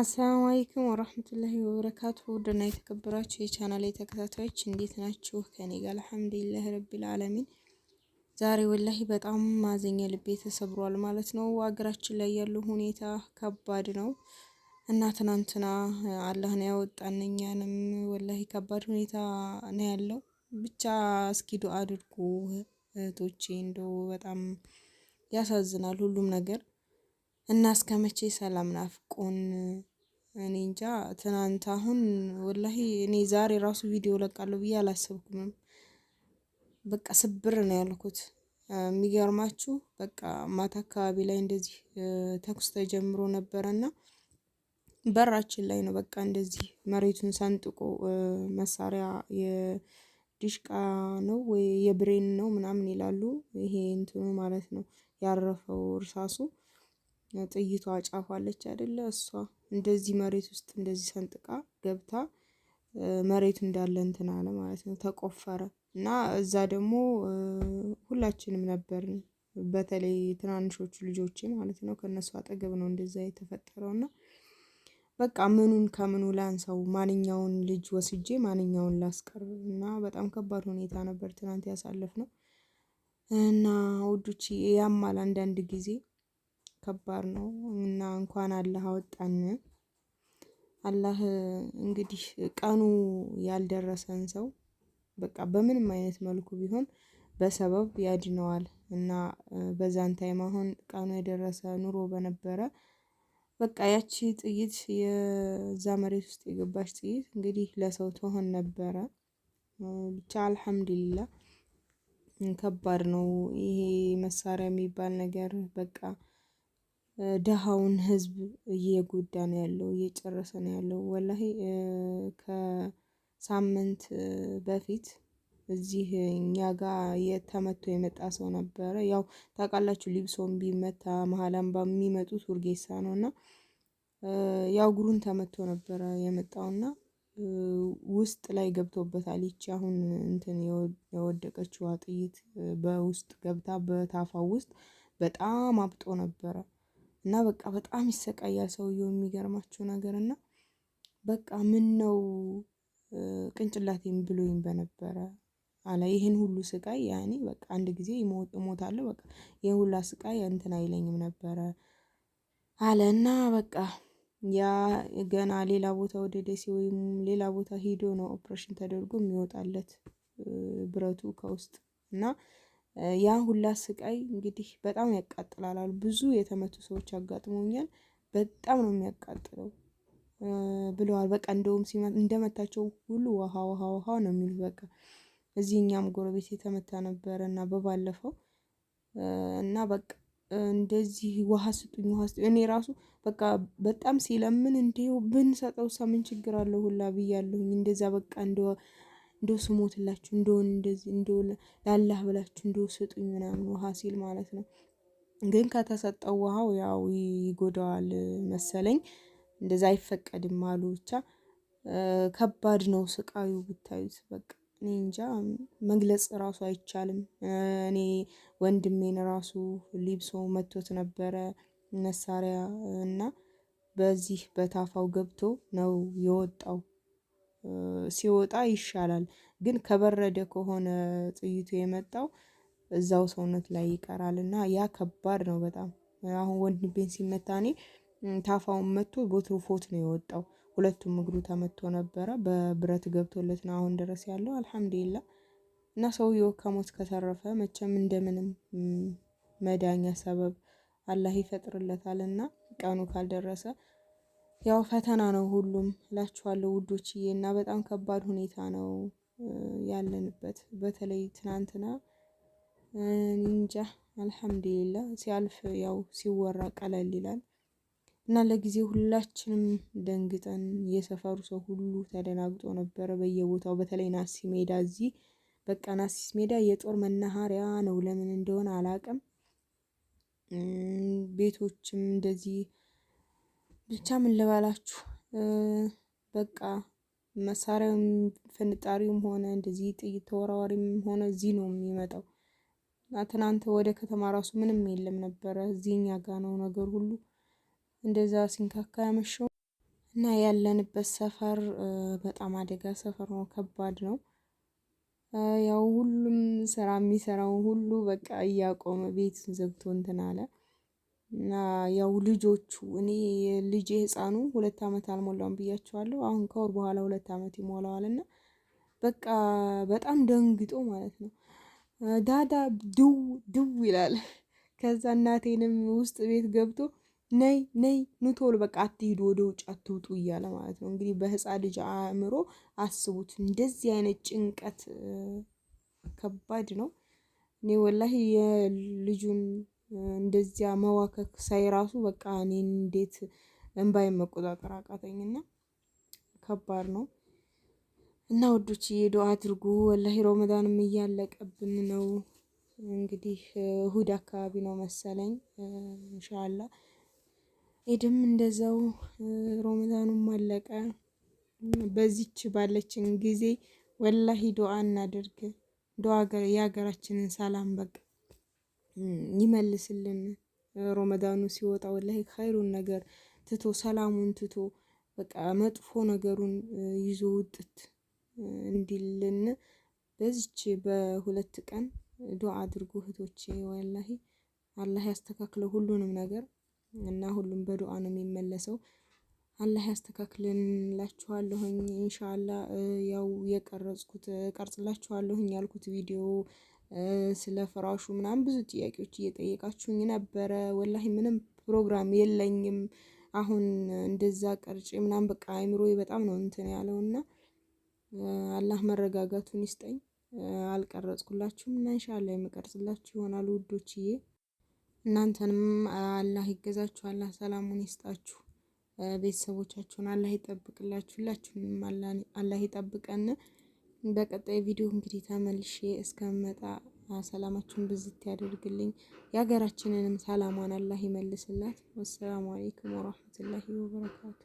አሰላሙ አለይኩም ወራህመቱላሂ ወበረካቱ ውድና የተከበራችሁ የቻናል ተከታታዮች እንዴት ናችሁ? ከኔ ጋር አልሐምዱሊላህ ረቢል ዓለሚን። ዛሬ ወላሂ በጣም ማዘኛ ልቤ ተሰብሯል ማለት ነው። አገራችን ላይ ያለው ሁኔታ ከባድ ነው እና ትናንትና አላህ ነው ያወጣን እኛንም ወላሂ ከባድ ሁኔታ ነው ያለው። ብቻ እስኪ ዱአ አድርጉ እህቶቼ፣ እንደው በጣም ያሳዝናል ሁሉም ነገር እና እስከ መቼ ሰላም ናፍቆን እኔ እንጃ። ትናንት አሁን ወላሂ እኔ ዛሬ ራሱ ቪዲዮ ለቃለሁ ብዬ አላሰብኩምም። በቃ ስብር ነው ያልኩት። የሚገርማችሁ በቃ ማታ አካባቢ ላይ እንደዚህ ተኩስ ተጀምሮ ነበረ እና በራችን ላይ ነው በቃ እንደዚህ መሬቱን ሰንጥቆ መሳሪያ የዲሽቃ ነው ወይ የብሬን ነው ምናምን ይላሉ። ይሄ እንትኑ ማለት ነው ያረፈው እርሳሱ ጥይቷ ጫፏለች አይደለ? እሷ እንደዚህ መሬት ውስጥ እንደዚህ ሰንጥቃ ገብታ መሬቱ እንዳለ እንትን አለ ማለት ነው፣ ተቆፈረ እና እዛ ደግሞ ሁላችንም ነበርን። በተለይ ትናንሾቹ ልጆቼ ማለት ነው። ከእነሱ አጠገብ ነው እንደዛ የተፈጠረው እና በቃ ምኑን ከምኑ ላንሳው፣ ማንኛውን ልጅ ወስጄ ማንኛውን ላስቀርብ እና በጣም ከባድ ሁኔታ ነበር ትናንት ያሳለፍ ነው እና ውዶች ያማል አንዳንድ ጊዜ ከባድ ነው እና እንኳን አላህ አወጣን። አላህ እንግዲህ ቀኑ ያልደረሰን ሰው በቃ በምንም አይነት መልኩ ቢሆን በሰበብ ያድነዋል እና በዛን ታይም አሁን ቀኑ የደረሰ ኑሮ በነበረ በቃ ያቺ ጥይት የዛ መሬት ውስጥ የገባች ጥይት እንግዲህ ለሰው ትሆን ነበረ። ብቻ አልሐምዱሊላ ከባድ ነው ይሄ መሳሪያ የሚባል ነገር በቃ ደሃውን ህዝብ እየጎዳ ነው ያለው እየጨረሰ ነው ያለው። ወላሂ ከሳምንት በፊት እዚህ እኛ ጋ የተመቶ የመጣ ሰው ነበረ። ያው ታውቃላችሁ ሊብሶን ቢመታ መሀል አምባ የሚመጡት ውርጌሳ ነው እና ያው እግሩን ተመቶ ነበረ የመጣውና ውስጥ ላይ ገብቶበታል። ይቺ አሁን እንትን የወደቀችዋ ጥይት በውስጥ ገብታ በታፋው ውስጥ በጣም አብጦ ነበረ። እና በቃ በጣም ይሰቃያል ሰውየው የሚገርማቸው ነገር እና በቃ ምን ነው ቅንጭላቴን ብሎኝ በነበረ አለ። ይህን ሁሉ ስቃይ ያኔ በቃ አንድ ጊዜ እሞታለሁ በቃ ይህን ሁላ ስቃይ እንትን አይለኝም ነበረ አለ እና በቃ ያ ገና ሌላ ቦታ ወደ ደሴ ወይም ሌላ ቦታ ሄዶ ነው ኦፕሬሽን ተደርጎ የሚወጣለት ብረቱ ከውስጥ እና ያን ሁላ ስቃይ እንግዲህ በጣም ያቃጥላል። ብዙ የተመቱ ሰዎች አጋጥሞኛል። በጣም ነው የሚያቃጥለው ብለዋል። በቃ እንደውም እንደመታቸው ሁሉ ውሃ ውሃ ውሃ ነው የሚሉ በቃ እዚህ እኛም ጎረቤት የተመታ ነበረ እና በባለፈው እና በቃ እንደዚህ ውሃ ስጡኝ ውሃ ስጡኝ እኔ ራሱ በቃ በጣም ሲለምን እንዲሁ ብንሰጠው ሰምን ችግር አለው ሁላ ብያለሁኝ። እንደዛ በቃ እንደ እንደው ስሞትላችሁ እንደውን እንደዚህ እንደው ላላህ ብላችሁ እንደ ስጡኝ ምናምን ውሃ ሲል ማለት ነው። ግን ከተሰጠው ውሃው ያው ይጎዳዋል መሰለኝ እንደዛ አይፈቀድም አሉ። ብቻ ከባድ ነው ስቃዩ ብታዩት። በቃ እኔ እንጃ መግለጽ ራሱ አይቻልም። እኔ ወንድሜን ራሱ ሊብሶ መቶት ነበረ መሳሪያ እና በዚህ በታፋው ገብቶ ነው የወጣው። ሲወጣ ይሻላል። ግን ከበረደ ከሆነ ጥይቱ የመጣው እዛው ሰውነት ላይ ይቀራል እና ያ ከባድ ነው በጣም። አሁን ወንድሜን ሲመታ እኔ ታፋውን መቶ ፎት ነው የወጣው። ሁለቱም እግሩ ተመቶ ነበረ። በብረት ገብቶለት ነው አሁን ድረስ ያለው አልሐምዱሊላ። እና ሰውየው ከሞት ከተረፈ መቼም እንደምንም መዳኛ ሰበብ አላህ ይፈጥርለታል እና ቀኑ ካልደረሰ ያው ፈተና ነው ሁሉም እላችኋለሁ ውዶችዬ። እና በጣም ከባድ ሁኔታ ነው ያለንበት። በተለይ ትናንትና እንጃ አልሐምዱሊላ ሲያልፍ ያው ሲወራ ቀለል ይላል እና ለጊዜ ሁላችንም ደንግጠን የሰፈሩ ሰው ሁሉ ተደናግጦ ነበረ በየቦታው በተለይ ናሲ ሜዳ እዚህ በቃ ናሲስ ሜዳ የጦር መናኸሪያ ነው። ለምን እንደሆነ አላቅም። ቤቶችም እንደዚህ ብቻ ምን ልበላችሁ በቃ መሳሪያውም ፍንጣሪውም ሆነ እንደዚህ ጥይት ተወራዋሪም ሆነ እዚህ ነው የሚመጣው እና ትናንት ወደ ከተማ ራሱ ምንም የለም ነበረ። እዚህኛ ጋ ነው ነገር ሁሉ እንደዛ ሲንካካ ያመሸው እና ያለንበት ሰፈር በጣም አደጋ ሰፈር ነው። ከባድ ነው። ያው ሁሉም ስራ የሚሰራው ሁሉ በቃ እያቆመ ቤት ዘግቶ እንትን አለ። እና ያው ልጆቹ እኔ ልጅ የህፃኑ ሁለት ዓመት አልሞላውም ብያቸዋለሁ። አሁን ከወር በኋላ ሁለት ዓመት ይሞላዋል እና በቃ በጣም ደንግጦ ማለት ነው ዳዳ ድው ድው ይላል። ከዛ እናቴንም ውስጥ ቤት ገብቶ ነይ ነይ ኑቶል በቃ አትሂዱ፣ ወደ ውጭ አትውጡ እያለ ማለት ነው። እንግዲህ በህፃን ልጅ አእምሮ አስቡት እንደዚህ አይነት ጭንቀት ከባድ ነው። እኔ ወላሂ የልጁን እንደዚያ መዋከክ ሳይ ራሱ በቃ እኔ እንዴት እንባይ መቆጣጠር አቃተኝና ከባድ ነው። እና ወዶች የዶ አድርጉ። ወላሂ ሮመዳንም እያለቀብን ነው። እንግዲህ እሁድ አካባቢ ነው መሰለኝ እንሻላ ኢድም እንደዛው ሮመዳኑም አለቀ። በዚች ባለችን ጊዜ ወላሂ ዱአ እናደርግ። ዱአ የሀገራችንን ሰላም በቃ ይመልስልን። ሮመዳኑ ሲወጣ ወላሂ ኸይሩን ነገር ትቶ ሰላሙን ትቶ በቃ መጥፎ ነገሩን ይዞ ውጥት እንዲልን በዚች በሁለት ቀን ዱዓ አድርጉ እህቶቼ። ወላሂ አላህ ያስተካክለው ሁሉንም ነገር እና ሁሉም በዱዓ ነው የሚመለሰው። አላህ ያስተካክልንላችኋለሁኝ። ኢንሻአላህ ያው የቀረጽኩት ቀርጽላችኋለሁኝ ያልኩት ቪዲዮ ስለ ፍራሹ ምናምን ብዙ ጥያቄዎች እየጠየቃችሁኝ ነበረ። ወላሂ ምንም ፕሮግራም የለኝም አሁን እንደዛ ቀርጬ ምናምን በቃ አይምሮ በጣም ነው እንትን ያለው እና አላህ መረጋጋቱን ይስጠኝ። አልቀረጽኩላችሁም እና ኢንሻአላህ የምቀርጽላችሁ ይሆናል ውዶችዬ። እናንተንም አላህ ይገዛችሁ፣ አላህ ሰላሙን ይስጣችሁ፣ ቤተሰቦቻችሁን አላህ ይጠብቅላችሁ። ሁላችሁንም አላህ ይጠብቀን። በቀጣይ ቪዲዮ እንግዲህ ተመልሼ እስከመጣ ሰላማችሁን ብዝት ያደርግልኝ። የሀገራችንንም ሰላሟን አላህ ይመልስላት። ወሰላሙ አሌይኩም ወራህመቱላሂ ወበረካቱ።